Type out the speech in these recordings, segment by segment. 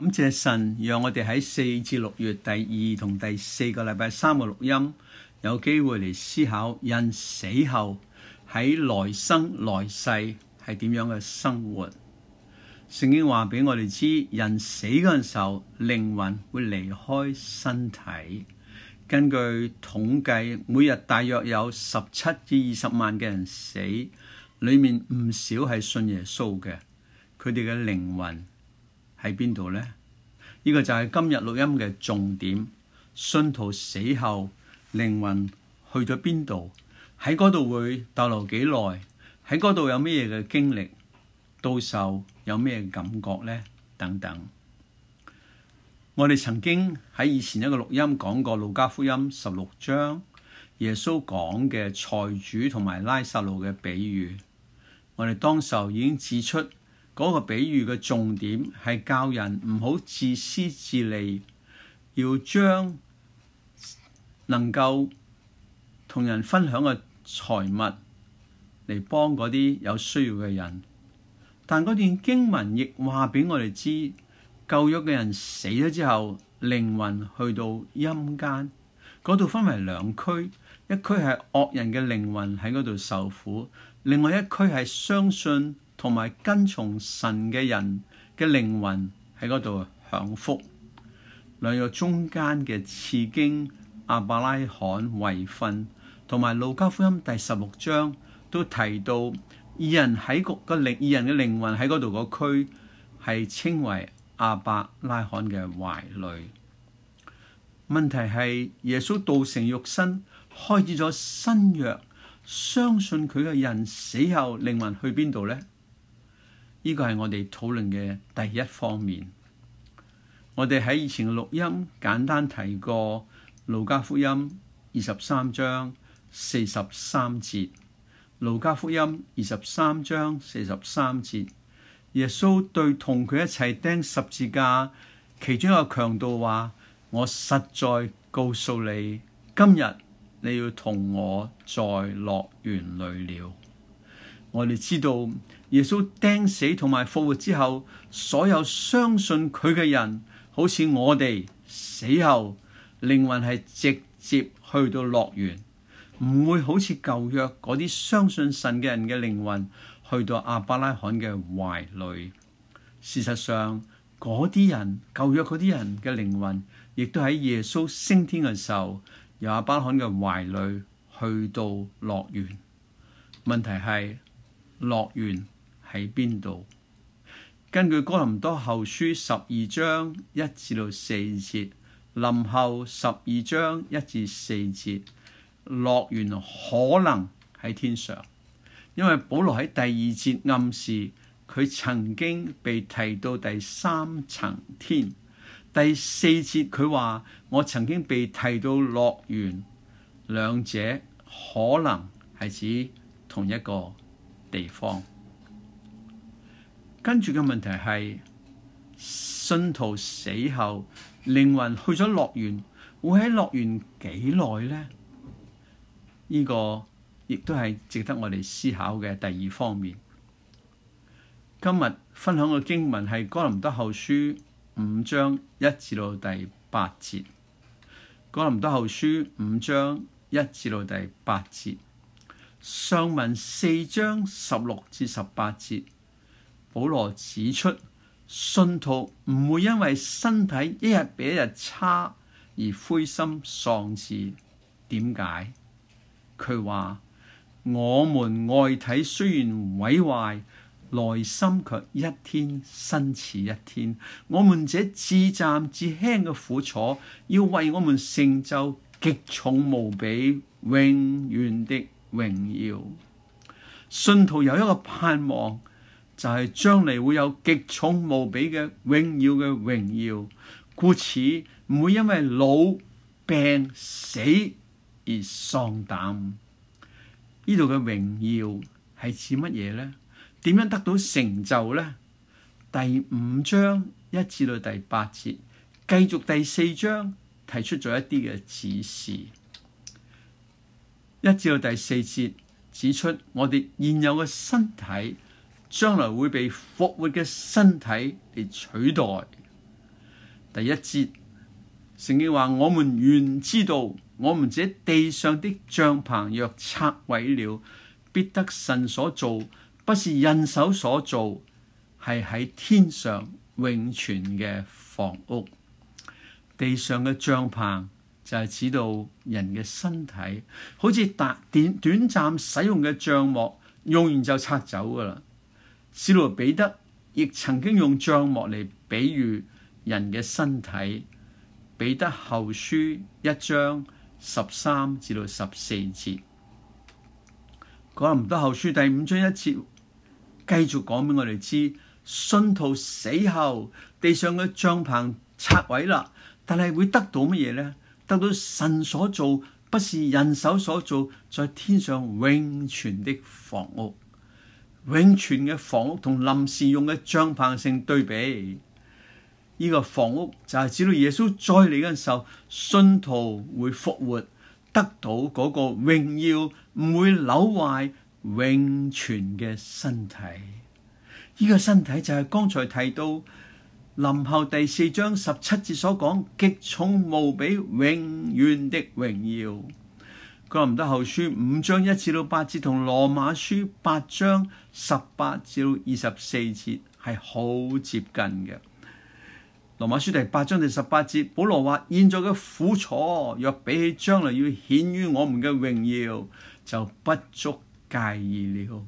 感謝神，讓我哋喺四至六月第二同第四個禮拜三個錄音，有機會嚟思考人死後喺來生來世係點樣嘅生活。聖經話俾我哋知，人死嗰陣時候，靈魂會離開身體。根據統計，每日大約有十七至二十萬嘅人死，裏面唔少係信耶穌嘅，佢哋嘅靈魂。喺邊度呢？呢、呢個就係今日錄音嘅重點。信徒死後靈魂去咗邊度？喺嗰度會逗留幾耐？喺嗰度有咩嘢嘅經歷？到時候有咩感覺呢？等等。我哋曾經喺以前一個錄音講過《路加福音》十六章耶穌講嘅財主同埋拉撒路嘅比喻。我哋當時候已經指出。嗰個比喻嘅重點係教人唔好自私自利，要將能夠同人分享嘅財物嚟幫嗰啲有需要嘅人。但嗰段經文亦話俾我哋知，救咗嘅人死咗之後，靈魂去到陰間，嗰度分為兩區，一區係惡人嘅靈魂喺嗰度受苦，另外一區係相信同埋跟從神嘅人嘅靈魂喺嗰度享福。兩約中間嘅次經《亞伯拉罕遺訓》同埋《路加福音》第十六章都提到，二人喺個靈，二人嘅靈魂喺嗰度，個區係稱為亞伯拉罕嘅懷裏。問題係耶穌道成肉身開始咗新約，相信佢嘅人死後靈魂去邊度呢？呢個係我哋討論嘅第一方面。我哋喺以前錄音簡單提過《路加福音》二十三章四十三節，《路加福音》二十三章四十三節，耶穌對同佢一齊釘十字架其中一個強盜話，我實在告訴你，今日你要同我在樂園裏了。我哋知道。耶穌釘死同埋復活之後，所有相信佢嘅人，好似我哋死後靈魂係直接去到樂園，唔會好似舊約嗰啲相信神嘅人嘅靈魂去到亞伯拉罕嘅懷裏。事實上，嗰啲人舊約嗰啲人嘅靈魂，亦都喺耶穌升天嘅時候，由亞伯拉罕嘅懷裏去到樂園。問題係樂園，喺邊度？根據哥林多後書十二章一至到四節，林後十二章一至四節，樂園可能喺天上，因為保羅喺第二節暗示佢曾經被提到第三層天，第四節佢話我曾經被提到樂園，兩者可能係指同一個地方。跟住嘅問題係：信徒死後靈魂去咗樂園，會喺樂園幾耐呢？呢、呢個亦都係值得我哋思考嘅第二方面。今日分享嘅經文係《哥林多後書》五章一至到第八節，《哥林多後書》五章一至到第八節，上文四章十六至十八節。保羅指出，信徒唔會因為身體一日比一日差而灰心喪志。點解？佢話：我們外體雖然毀壞，內心卻一天新似一天。我們這至暫至輕嘅苦楚，要為我們成就極重無比、永遠的榮耀。信徒有一個盼望。就係將嚟會有極重無比嘅榮耀嘅榮耀，故此唔會因為老病死而喪膽。呢度嘅榮耀係指乜嘢呢？點樣得到成就呢？第五章一至到第八節，繼續第四章提出咗一啲嘅指示，一至到第四節指出我哋現有嘅身體。將來會被復活嘅身體嚟取代。第一節，聖經話：我們原知道，我們這地上的帳棚若拆毀了，必得神所造，不是人手所造，係喺天上永存嘅房屋。地上嘅帳棚就係指到人嘅身體，好似搭短短暫使用嘅帳幕，用完就拆走㗎喇。使徒彼得亦曾經用帳幕嚟比喻人嘅身體。彼得後書一章十三至到十四節講。唔到後書第五章一節繼續講畀我哋知，信徒死後地上嘅帳棚拆毀啦，但係會得到乜嘢呢？得到神所做，不是人手所做，在天上永存的房屋。永存嘅房屋同臨時用嘅帳篷性對比，呢個房屋就係指到耶穌再嚟嗰陣時候，信徒會復活得到嗰個榮耀，唔會扭壞永存嘅身體。呢個身體就係剛才提到林後第四章十七節所講極重無比、永遠的榮耀。怪唔得哥林多後書五章一至到八節，同羅馬書八章十八至到二十四節係好接近嘅。羅馬書第八章第十八節，保羅話：現在嘅苦楚，若比起將來要顯於我們嘅榮耀，就不足介意了。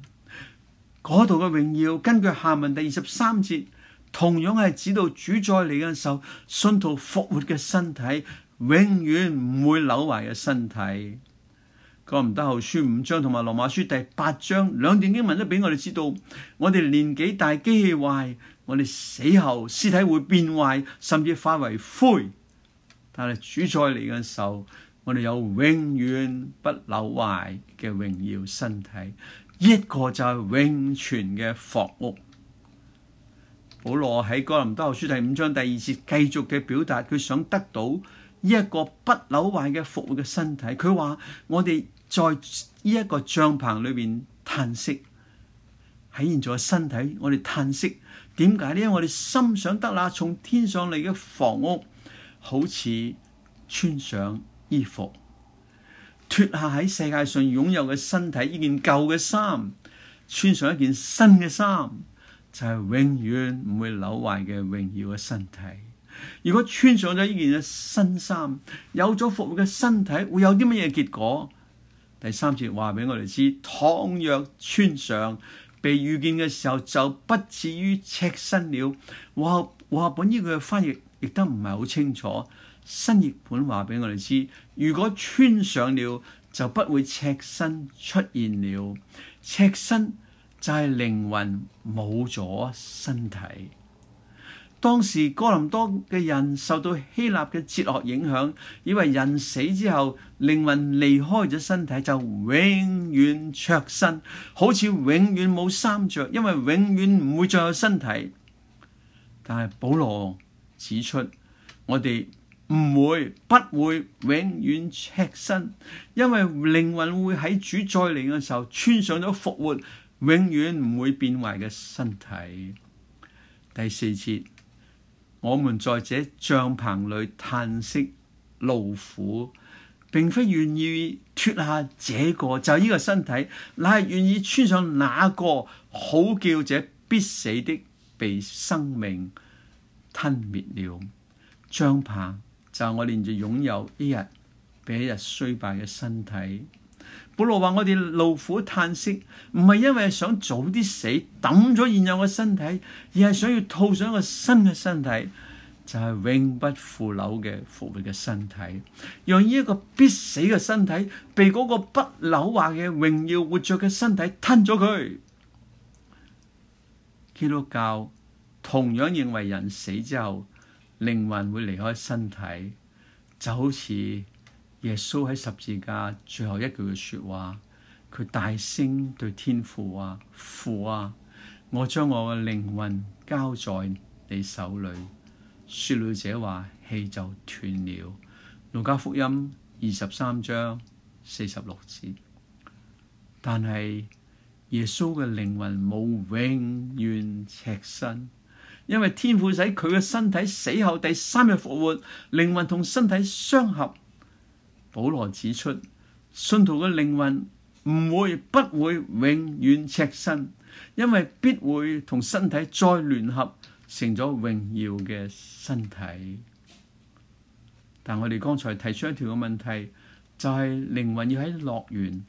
嗰度嘅榮耀，根據下文第二十三節，同樣係指到主再嚟嘅時候，信徒復活嘅身體，永遠唔會朽壞嘅身體。《哥林多後書》五章同埋《羅馬書》第八章兩段經文都俾我哋知道，我哋年紀大、機器壞，我哋死後屍體會變壞，甚至化為灰。但係主再嚟嘅時候，我哋有永遠不朽壞嘅榮耀身體，一個就係永存嘅房屋。保羅喺《哥林多後書》第五章第二節繼續嘅表達，佢想得到一個不朽壞嘅復活嘅身體。佢話我哋。在呢一個帳篷裏邊嘆息，喺現在嘅身體。我哋嘆息點解？為什麼呢，因為我哋心想得啦，從天上嚟嘅房屋好似穿上衣服，脫下喺世界上擁有嘅身體呢件舊嘅衫，穿上一件新嘅衫，就係、是、永遠唔會扭壞嘅榮耀嘅身體。如果穿上咗呢件新衫，有咗復活嘅身體，會有啲乜嘢結果？第三節話俾我哋知，倘若穿上，被遇見嘅時候，就不至於赤身了。和合本呢句嘅翻譯亦都唔係好清楚。新譯本話俾我哋知，如果穿上了，就不會赤身出現了。赤身就係靈魂冇咗身體。當時哥林多嘅人受到希臘嘅哲學影響，以為人死之後靈魂離開咗身體就永遠赤身，好似永遠冇衫着，因為永遠唔會再有身體。但係保羅指出，我哋唔會、不會永遠赤身，因為靈魂會喺主再嚟嘅時候穿上咗復活、永遠唔會變壞嘅身體。第四節。我們在這帳篷裏嘆息勞苦，并非願意脱下這個，就係呢個身體，乃係願意穿上那個，好叫這必死的被生命吞滅了。帳篷就係我連住擁有一日比一日衰敗嘅身體。保羅話：我哋勞苦嘆息，唔係因為想早啲死，抌咗現有嘅身體，而係想要套上一個新嘅身體，就係、是、永不腐朽嘅復活嘅身體，讓呢一個必死嘅身體，被嗰個不朽化嘅榮耀活着嘅身體吞咗佢。基督教同樣認為人死之後，靈魂會離開身體，就好似。耶穌喺十字架最後一句嘅説話，佢大聲對天父話、啊：父啊，我將我嘅靈魂交在你手裏。説了這話，氣就斷了。路加福音二十三章四十六節。但係耶穌嘅靈魂冇永遠赤身，因為天父使佢嘅身體死後第三日復活，靈魂同身體相合。保羅指出，信徒嘅靈魂唔會、不會永遠赤身，因為必會同身體再聯合，成咗榮耀嘅身體。但係我哋剛才提出一條嘅問題，就係靈魂要喺樂園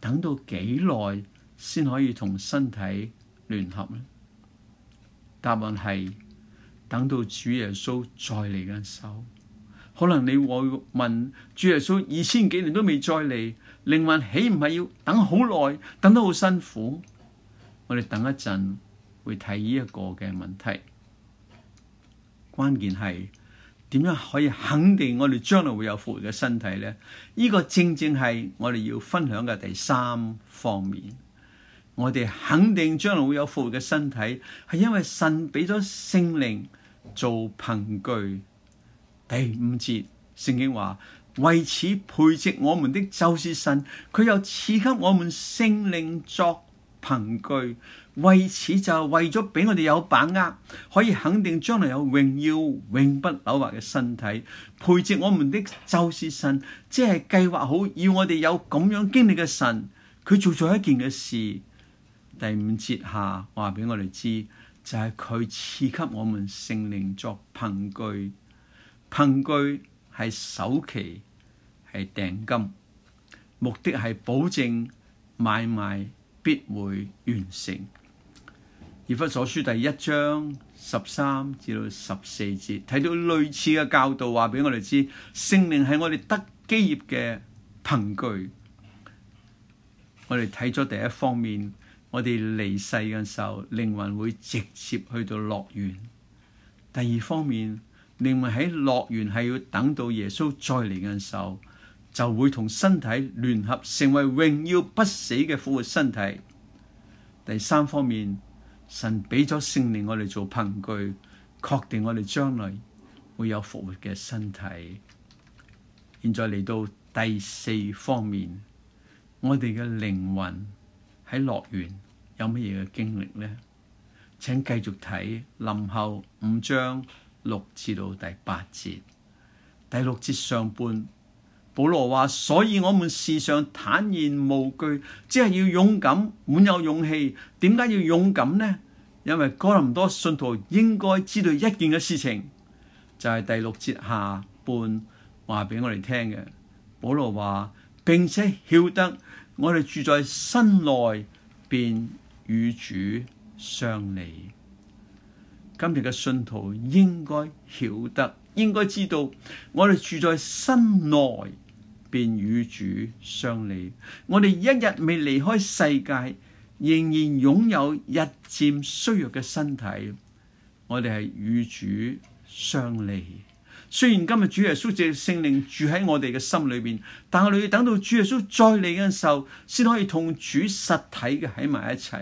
等到幾耐，先可以同身體聯合咧？答案係等到主耶穌再嚟嘅時候。可能你會問，主耶穌二千幾年都未再嚟，靈魂豈唔係要等好耐，等得好辛苦？我哋等一陣會睇呢一個嘅問題。關鍵係點樣可以肯定我哋將來會有復活嘅身體呢？呢個正正係我哋要分享嘅第三方面。我哋肯定將來會有復活嘅身體，係因為神俾咗聖靈做憑據。第五節，聖經話：為此培植我們的就是神，佢又賜給我們聖靈作憑據。為此就係為咗畀我哋有把握，可以肯定將來有榮耀、永不朽壞嘅身體。培植我們的就是神，即係計劃好要我哋有咁樣經歷嘅神。佢做咗一件嘅事。第五節下話畀我哋知，就係佢賜給我們聖靈作憑據。憑據係首期，係訂金，目的係保證買賣必會完成。以弗所書第一章十三至到十四節，睇到類似嘅教導，話畀我哋知，聖靈係我哋得基業嘅憑據。我哋睇咗第一方面，我哋離世嘅時候，靈魂會直接去到樂園。第二方面。靈魂喺樂園係要等到耶穌再嚟嘅時候，就會同身體聯合，成為榮耀不死嘅復活身體。第三方面，神俾咗聖靈我哋做憑據，確定我哋將來會有復活嘅身體。現在嚟到第四方面，我哋嘅靈魂喺樂園有乜嘢嘅經歷呢？請繼續睇林後五章。六至到第八節，第六節上半，保羅話，所以我們事上坦然無懼，只係要勇敢，滿有勇氣。點解要勇敢呢？因為哥林多信徒應該知道一件嘅事情，就係第六節下半話俾我哋聽嘅。保羅話，並且曉得我哋住在身內，便與主相離。今日嘅信徒應該曉得，應該知道，我哋住在身內便與主相離。我哋一日未離開世界，仍然擁有日漸衰弱嘅身體，我哋係與主相離。雖然今日主耶穌嘅聖靈住喺我哋嘅心裏邊，但係我哋要等到主耶穌再嚟嗰陣時候，先可以同主實體嘅喺埋一齊。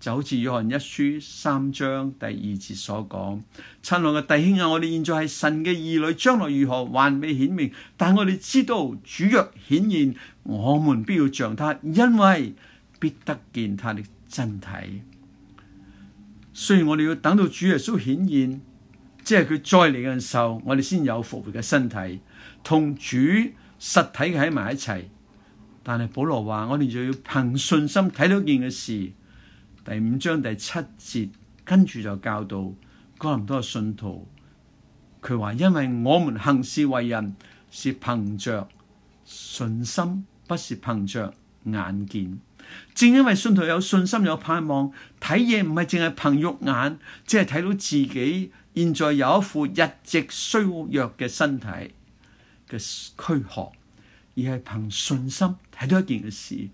就好似約翰一書三章第二節所講：親愛嘅弟兄啊，我哋現在係神嘅兒女，將來如何還未顯明，但我哋知道主若顯現，我們必要像他，因為必得見他的真體。雖然我哋要等到主耶穌顯現，即係佢再嚟嘅時候，我哋先有復活嘅身體，同主實體喺埋一齊。但係保羅話：我哋就要憑信心睇到一件嘅事。第五章第七節，跟住就教導哥林多信徒，佢話：因為我們行事為人是憑着信心，不是憑着眼見。正因為信徒有信心、有盼望，睇嘢唔係淨係憑肉眼，淨係睇到自己現在有一副日直衰弱嘅身體嘅軀殼，而係憑信心睇到一件嘅事。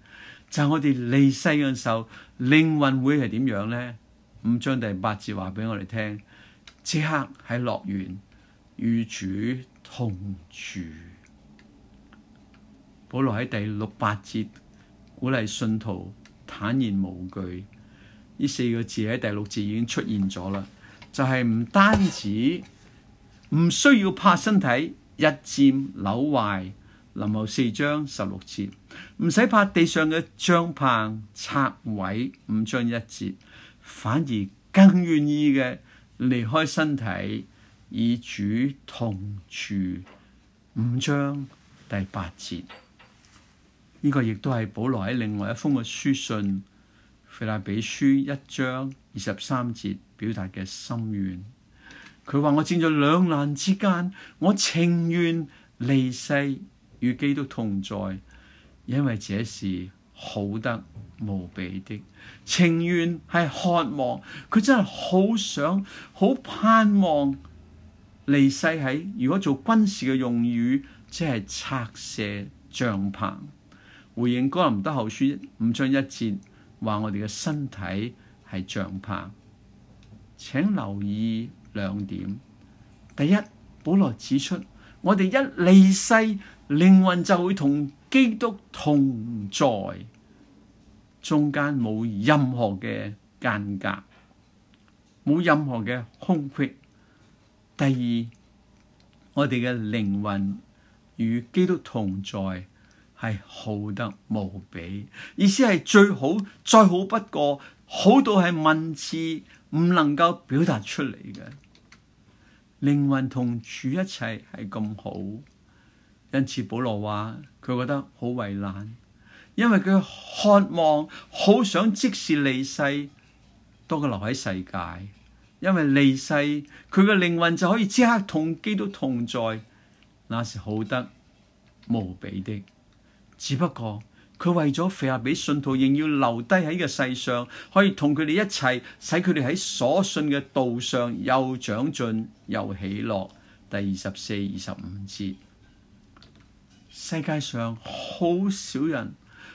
就我哋離世嘅時候，靈魂會係點樣呢？五章第八節話俾我哋聽，即刻喺樂園與主同住。保羅喺第六八節鼓勵信徒坦然無懼，呢四個字喺第六節已經出現咗啦。就係、是、唔單止，唔需要怕身體日漸扭壞。林後四章十六節，唔使怕地上嘅帳棚拆毀，五章一節，反而更願意嘅離開身體，以主同住。五章第八節，呢個亦都係保羅喺另外一封嘅書信腓立比書一章二十三節表達嘅心願。佢話我正在兩難之間，我情願離世。與基督同在，因為這是好得無比的。情願係渴望，佢真係好想，好盼望離世喺。如果做軍事嘅用語，即係拆卸帳篷。回應哥林多後書五章一節，話我哋嘅身體係帳篷，請留意兩點：第一，保羅指出我哋一離世。靈魂就會同基督同在，中間冇任何嘅間隔，冇任何嘅空隙。第二，我哋嘅靈魂與基督同在係好得無比，意思係最好、再好不過，好到係文字唔能夠表達出嚟嘅。靈魂同主一齊係咁好。因此，保羅話佢覺得好為難，因為佢渴望好想即時離世，多過留喺世界。因為離世，佢嘅靈魂就可以即刻同基督同在，那是好得無比的。只不過佢為咗腓立比信徒，仍要留低喺個世上，可以同佢哋一齊，使佢哋喺所信嘅道上又長進又喜樂。第二十四、二十五節。世界上好少人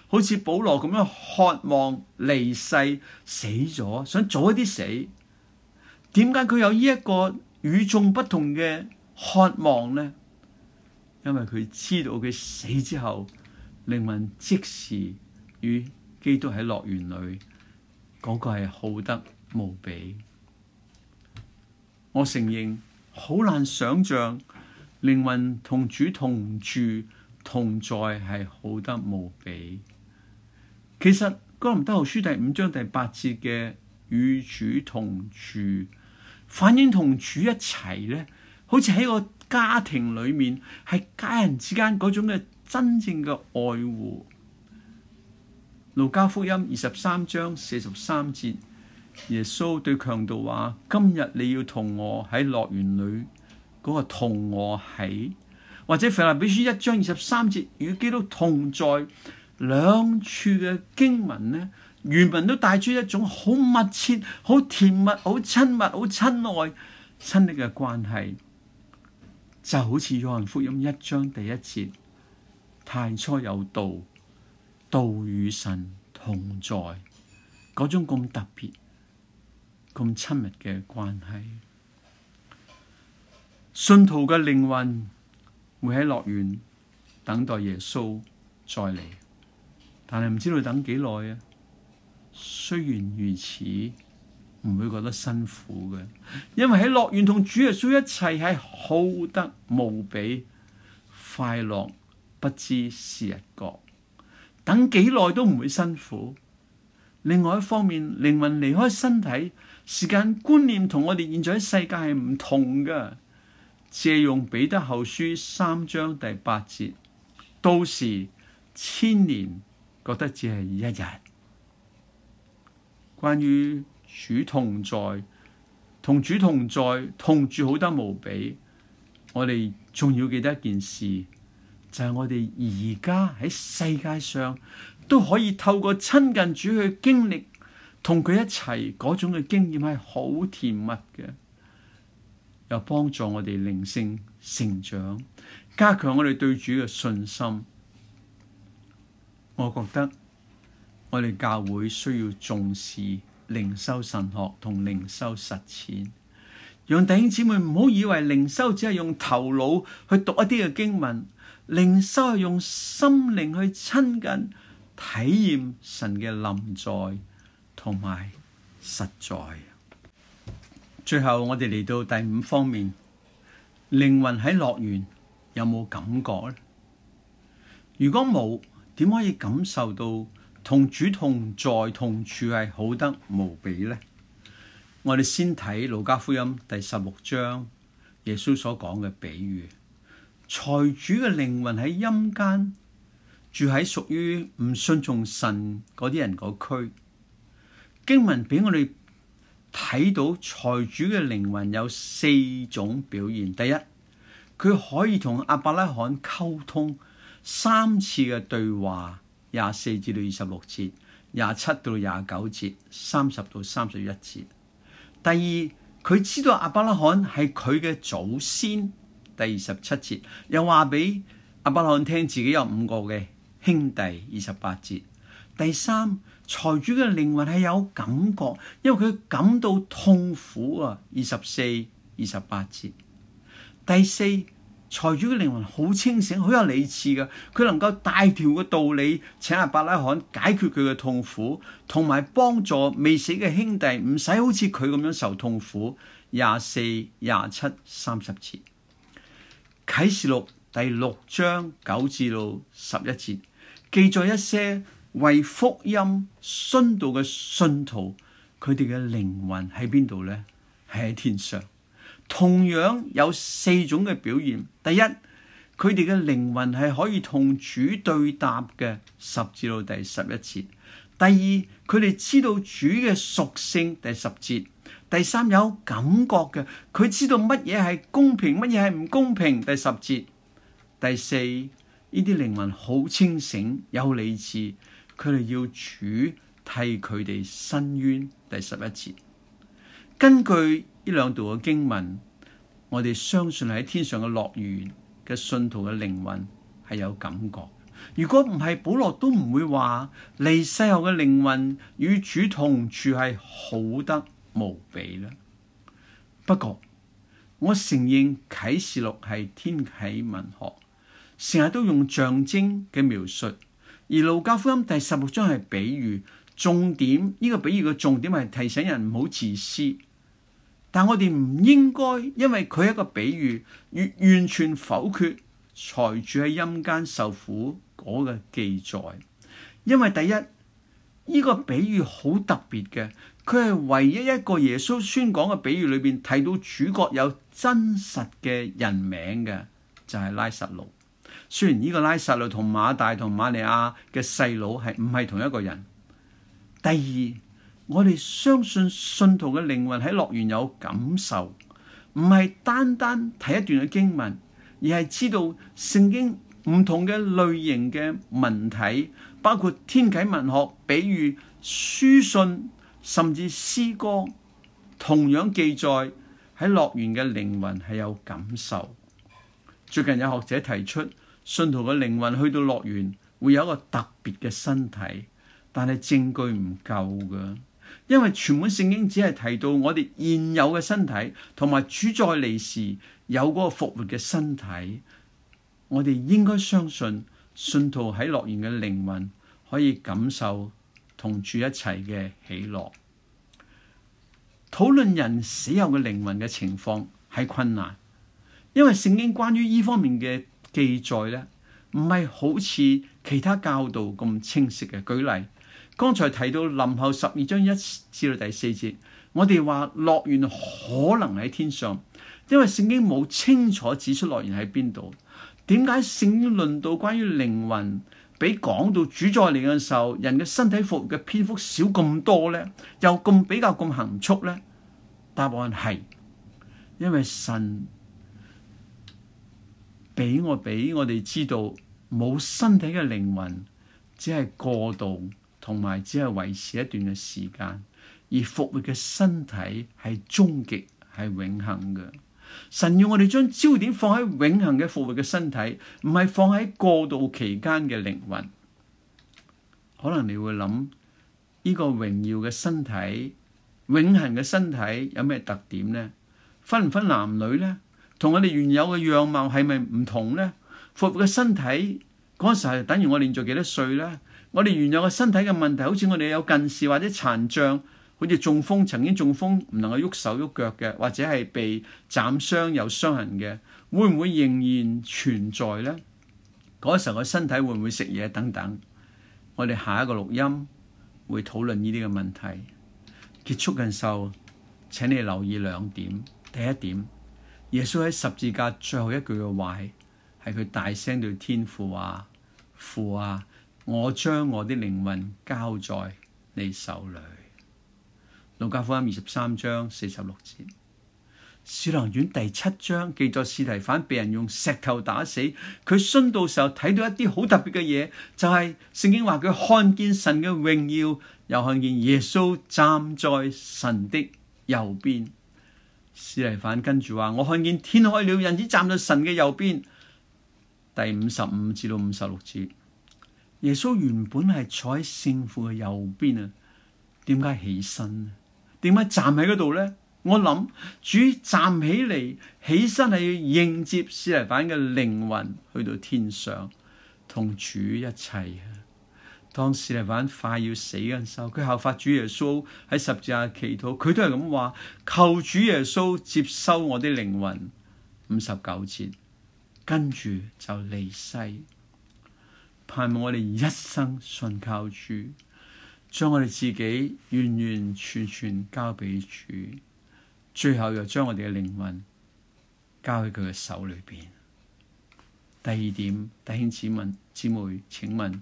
好似保羅咁樣渴望離世死咗，想早一啲死。點解佢有呢一個與眾不同嘅渴望呢？因為佢知道佢死之後，靈魂即時與基督喺樂園裏，嗰個係好得無比。我承認好難想象靈魂同主同住。同在係好得無比。其實《哥林多後書》第五章第八節嘅與主同住，反映同主一齊咧，好似喺個家庭裏面，係家人之間嗰種嘅真正嘅愛護。《路加福音》二十三章四十三節，耶穌對強盜話：今日你要同我喺樂園裏，嗰、那個同我喺。或者《腓立比書》一章二十三節，與基督同在兩處嘅經文呢，原文都帶出一種好密切、好甜蜜、好親密、好親愛、親昵嘅關係，就好似《約翰福音》一章第一節，太初有道，道與神同在，嗰種咁特別、咁親密嘅關係，信徒嘅靈魂。會喺樂園等待耶穌再嚟，但係唔知道等幾耐啊？雖然如此，唔會覺得辛苦嘅，因為喺樂園同主耶穌一齊係好得無比，快樂不知時日過，等幾耐都唔會辛苦。另外一方面，靈魂離開身體，時間觀念同我哋現在喺世界係唔同嘅。借用彼得後書三章第八節，到時千年覺得只係一日。關於主同在，同主同在，同主好得無比。我哋仲要記得一件事，就係、是、我哋而家喺世界上都可以透過親近主去經歷，同佢一齊嗰種嘅經驗係好甜蜜嘅。又幫助我哋靈性成長，加強我哋對主嘅信心。我覺得我哋教會需要重視靈修神學同靈修實踐。讓弟兄姊妹唔好以為靈修只係用頭腦去讀一啲嘅經文，靈修係用心靈去親近、體驗神嘅臨在同埋實在。最後我哋嚟到第五方面，靈魂喺樂園有冇感覺咧？如果冇，點可以感受到同主同在同處係好得無比咧？我哋先睇路加福音第十六章耶穌所講嘅比喻，財主嘅靈魂喺陰間住喺屬於唔信從神嗰啲人嗰區，經文俾我哋。睇到財主嘅靈魂有四種表現。第一，佢可以同阿伯拉罕溝通三次嘅對話，廿四至到二十六節，廿七到廿九節，三十到三十一節。第二，佢知道阿伯拉罕係佢嘅祖先，第二十七節又話俾阿伯拉罕聽自己有五個嘅兄弟，二十八節。第三。財主嘅靈魂係有感覺，因為佢感到痛苦啊。二十四、二十八節。第四，財主嘅靈魂好清醒，好有理智嘅，佢能夠大條嘅道理，請阿伯拉罕解決佢嘅痛苦，同埋幫助未死嘅兄弟，唔使好似佢咁樣受痛苦。廿四、廿七、三十節。啟示錄第六章九至到十一節記載一些。為福音殉道嘅信徒，佢哋嘅靈魂喺邊度呢？喺天上。同樣有四種嘅表現：第一，佢哋嘅靈魂係可以同主對答嘅，十至到第十一節；第二，佢哋知道主嘅屬性，第十節；第三，有感覺嘅，佢知道乜嘢係公平，乜嘢係唔公平，第十節；第四，呢啲靈魂好清醒，有好理智。佢哋要主替佢哋申冤，第十一節。根據呢兩度嘅經文，我哋相信喺天上嘅樂園嘅信徒嘅靈魂係有感覺。如果唔係，保羅都唔會話離世後嘅靈魂與主同處係好得無比啦。不過，我承認啟示錄係天啟文學，成日都用象徵嘅描述。而《路加福音》第十六章係比喻，重點呢、這個比喻嘅重點係提醒人唔好自私，但我哋唔應該因為佢一個比喻，完全否決財主喺陰間受苦嗰嘅記載，因為第一呢、這個比喻好特別嘅，佢係唯一一個耶穌宣講嘅比喻裏邊睇到主角有真實嘅人名嘅，就係、是、拉撒路。雖然呢個拉撒路同馬大同馬利亞嘅細佬係唔係同一個人。第二，我哋相信信徒嘅靈魂喺樂園有感受，唔係單單睇一段嘅經文，而係知道聖經唔同嘅類型嘅文體，包括天啟文學、比喻、書信，甚至詩歌，同樣記載喺樂園嘅靈魂係有感受。最近有學者提出，信徒嘅靈魂去到樂園會有一個特別嘅身體，但係證據唔夠㗎，因為全本聖經只係提到我哋現有嘅身體，同埋主再嚟時有嗰個復活嘅身體。我哋應該相信信徒喺樂園嘅靈魂可以感受同住一齊嘅喜樂。討論人死後嘅靈魂嘅情況係困難，因為聖經關於呢方面嘅。記載呢，唔係好似其他教導咁清晰嘅。舉例剛才提到林後十二章一至到第四節，我哋話樂園可能喺天上，因為聖經冇清楚指出樂園喺邊度。點解聖經論到關於靈魂，比講到主宰嚟嘅時候，人嘅身體復活嘅篇幅少咁多呢？又咁比較咁含蓄呢？答案係因為神。俾我俾我哋知道，冇身體嘅靈魂，只係過渡，同埋只係維持一段嘅時間；而復活嘅身體係終極，係永恆嘅。神要我哋將焦點放喺永恆嘅復活嘅身體，唔係放喺過渡期間嘅靈魂。可能你會諗，呢個榮耀嘅身體、永恆嘅身體有咩特點呢？分唔分男女呢？同我哋原有嘅樣貌係咪唔同呢？復活嘅身體嗰陣時係等於我連咗幾多歲呢？我哋原有嘅身體嘅問題，好似我哋有近視或者殘障，好似中風，曾經中風唔能夠喐手喐腳嘅，或者係被斬傷有傷痕嘅，會唔會仍然存在呢？嗰陣時嘅身體會唔會食嘢等等？我哋下一個錄音會討論呢啲嘅問題。結束嘅時候，請你留意兩點。第一點。耶穌喺十字架最後一句嘅話係，佢大聲對天父話、啊：父啊，我將我啲靈魂交在你手裏。路加福音二十三章四十六節，小良園第七章記載，司提反被人用石頭打死，佢殉道時候睇到一啲好特別嘅嘢，就係、是、聖經話佢看見神嘅榮耀，又看見耶穌站在神的右邊。司提反跟住話，我看見天開了人，人子站在神嘅右邊。第五十五至到五十六節，耶穌原本係坐喺聖父嘅右邊啊，點解起身？點解站喺嗰度咧？我諗主站起嚟，起身係要迎接司提反嘅靈魂去到天上，同主一齊啊。當時嚟玩快要死嘅時候，佢效法主耶穌喺十字架祈禱，佢都係咁話：求主耶穌接收我啲靈魂。五十九節，跟住就離世，盼望我哋一生信靠主，將我哋自己完完全全交畀主，最後又將我哋嘅靈魂交喺佢嘅手裏邊。第二點，弟兄姊妹、姊妹，請問。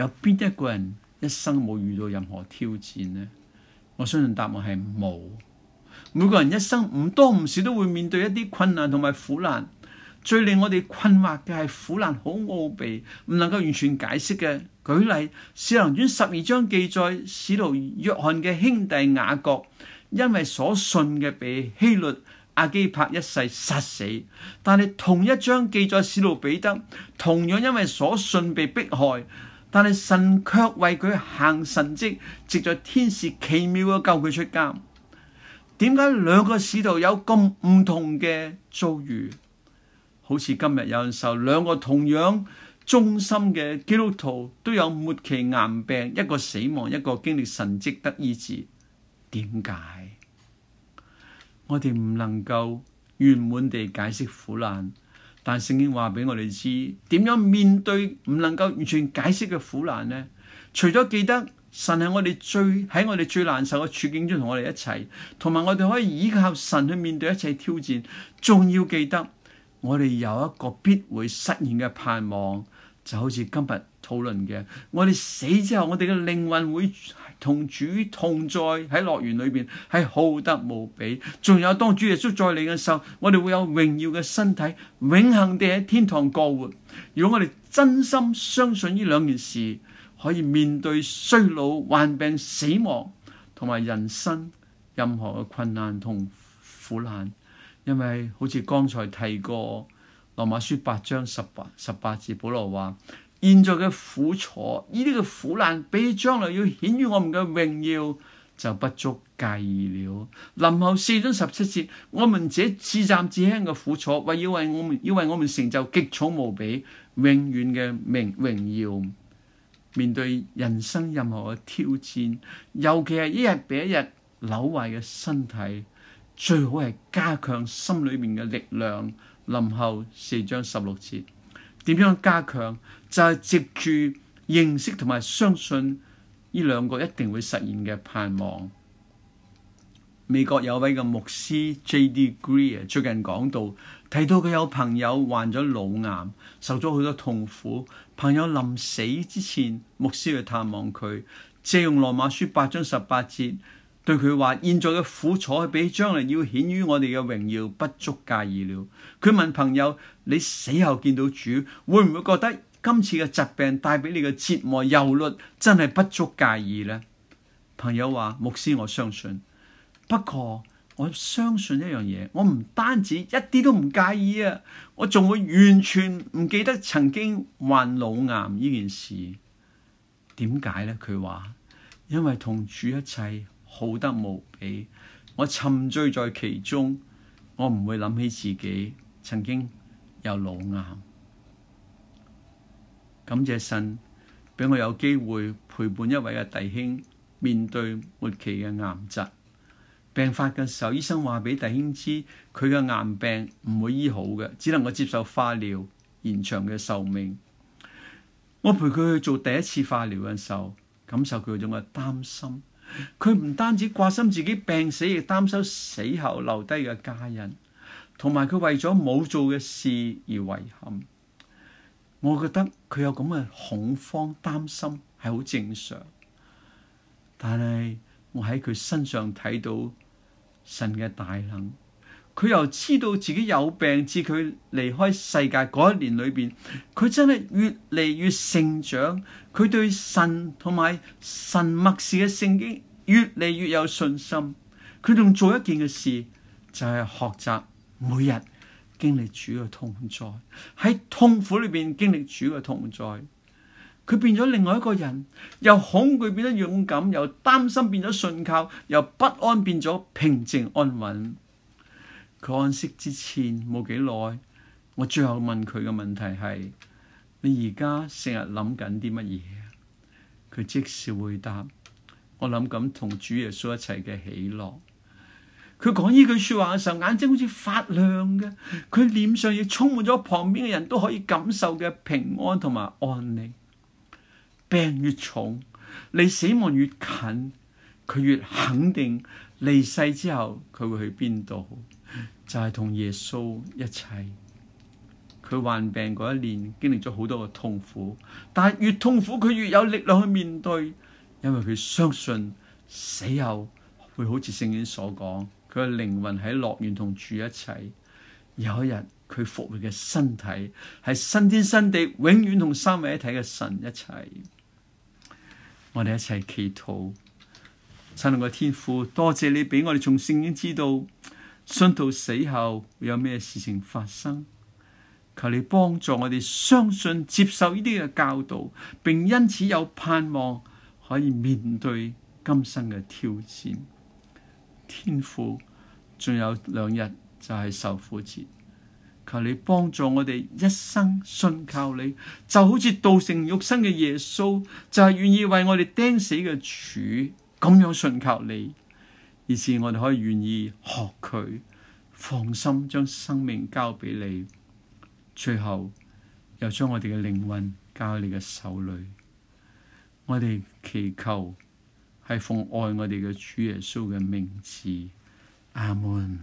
有邊一個人一生冇遇到任何挑戰呢？我相信答案係冇。每個人一生唔多唔少都會面對一啲困難同埋苦難。最令我哋困惑嘅係苦難好奧秘，唔能夠完全解釋嘅。舉例，使徒行傳十二章記載使徒約翰嘅兄弟雅各，因為所信嘅，被希律、阿基帕一世殺死。但係同一章記載使徒彼得，同樣因為所信被迫害。但係神卻為佢行神蹟，藉着天使奇妙嘅救佢出監。點解兩個使徒有咁唔同嘅遭遇？好似今日有人受兩個同樣忠心嘅基督徒都有末期癌病，一個死亡，一個經歷神蹟得醫治。點解？我哋唔能夠圓滿地解釋苦難。但聖經話俾我哋知，點樣面對唔能夠完全解釋嘅苦難呢？除咗記得神係我哋最喺我哋最難受嘅處境中同我哋一齊，同埋我哋可以依靠神去面對一切挑戰，仲要記得我哋有一個必會實現嘅盼望，就好似今日討論嘅，我哋死之後，我哋嘅靈魂會。同主同在喺樂園裏邊係好得無比，仲有，當主耶穌再嚟嘅時候，我哋會有榮耀嘅身體，永恆地喺天堂過活。如果我哋真心相信呢兩件事，可以面對衰老、患病、死亡同埋人生任何嘅困難同苦難，因為好似剛才提過羅馬書八章十八十八節保羅話。現在嘅苦楚，呢啲嘅苦難，比起將來要顯於我們嘅榮耀就不足介意了。林後四章十七節，我們這至暫至輕嘅苦楚，為要為我們，要為我們成就極重無比、永遠嘅榮榮耀。面對人生任何嘅挑戰，尤其係一日比一日扭壞嘅身體，最好係加強心裏面嘅力量。林後四章十六節。點樣加強？就係藉住認識同埋相信呢兩個一定會實現嘅盼望。美國有位嘅牧師 J.D.Greer 最近講到，睇到佢有朋友患咗腦癌，受咗好多痛苦。朋友臨死之前，牧師去探望佢，借用羅馬書八章十八節對佢話：現在嘅苦楚比起將來要顯於我哋嘅榮耀不足介意了。佢問朋友。你死後見到主，會唔會覺得今次嘅疾病帶俾你嘅折磨、憂慮，真係不足介意呢？朋友話，牧師，我相信，不過我相信一樣嘢，我唔單止一啲都唔介意啊，我仲會完全唔記得曾經患腦癌呢件事。點解呢？佢話，因為同主一齊好得無比，我沉醉在其中，我唔會諗起自己曾經。又腦癌，感謝神俾我有機會陪伴一位嘅弟兄面對末期嘅癌疾。病發嘅時候，醫生話俾弟兄知佢嘅癌病唔會醫好嘅，只能夠接受化療延長嘅壽命。我陪佢去做第一次化療嘅時候，感受佢嗰種嘅擔心。佢唔單止掛心自己病死，亦擔心死後留低嘅家人。同埋佢為咗冇做嘅事而遺憾，我覺得佢有咁嘅恐慌、擔心係好正常。但係我喺佢身上睇到神嘅大能，佢由知道自己有病，至佢離開世界嗰一年裏邊，佢真係越嚟越成長。佢對神同埋神默示嘅聖經越嚟越有信心。佢仲做一件嘅事就係、是、學習。每日經歷主嘅同在，喺痛苦裏邊經歷主嘅同在，佢變咗另外一個人，由恐懼變得勇敢，由擔心變咗信靠，由不安變咗平靜安穩。佢安息之前冇幾耐，我最後問佢嘅問題係：你而家成日諗緊啲乜嘢？佢即時回答：我諗緊同主耶穌一齊嘅喜樂。佢講呢句說話嘅時候，眼睛好似發亮嘅，佢臉上亦充滿咗旁邊嘅人都可以感受嘅平安同埋安寧。病越重，離死亡越近，佢越肯定離世之後佢會去邊度，就係、是、同耶穌一齊。佢患病嗰一年經歷咗好多嘅痛苦，但係越痛苦佢越有力量去面對，因為佢相信死後會好似聖經所講。佢嘅靈魂喺樂園同住一齊，有一日，佢復活嘅身體係新天新地，永遠同三位一體嘅神一齊。我哋一齊祈禱，親愛嘅天父，多謝你俾我哋從聖經知道，信徒死後會有咩事情發生，求你幫助我哋相信接受呢啲嘅教導，並因此有盼望可以面對今生嘅挑戰。天父，仲有兩日就係受苦節，求你幫助我哋一生信靠你，就好似道成肉身嘅耶穌，就係、是、願意為我哋釘死嘅主，咁樣信靠你，而是我哋可以願意學佢，放心將生命交俾你，最後又將我哋嘅靈魂交喺你嘅手裏，我哋祈求。係奉愛我哋嘅主耶穌嘅名字，阿門。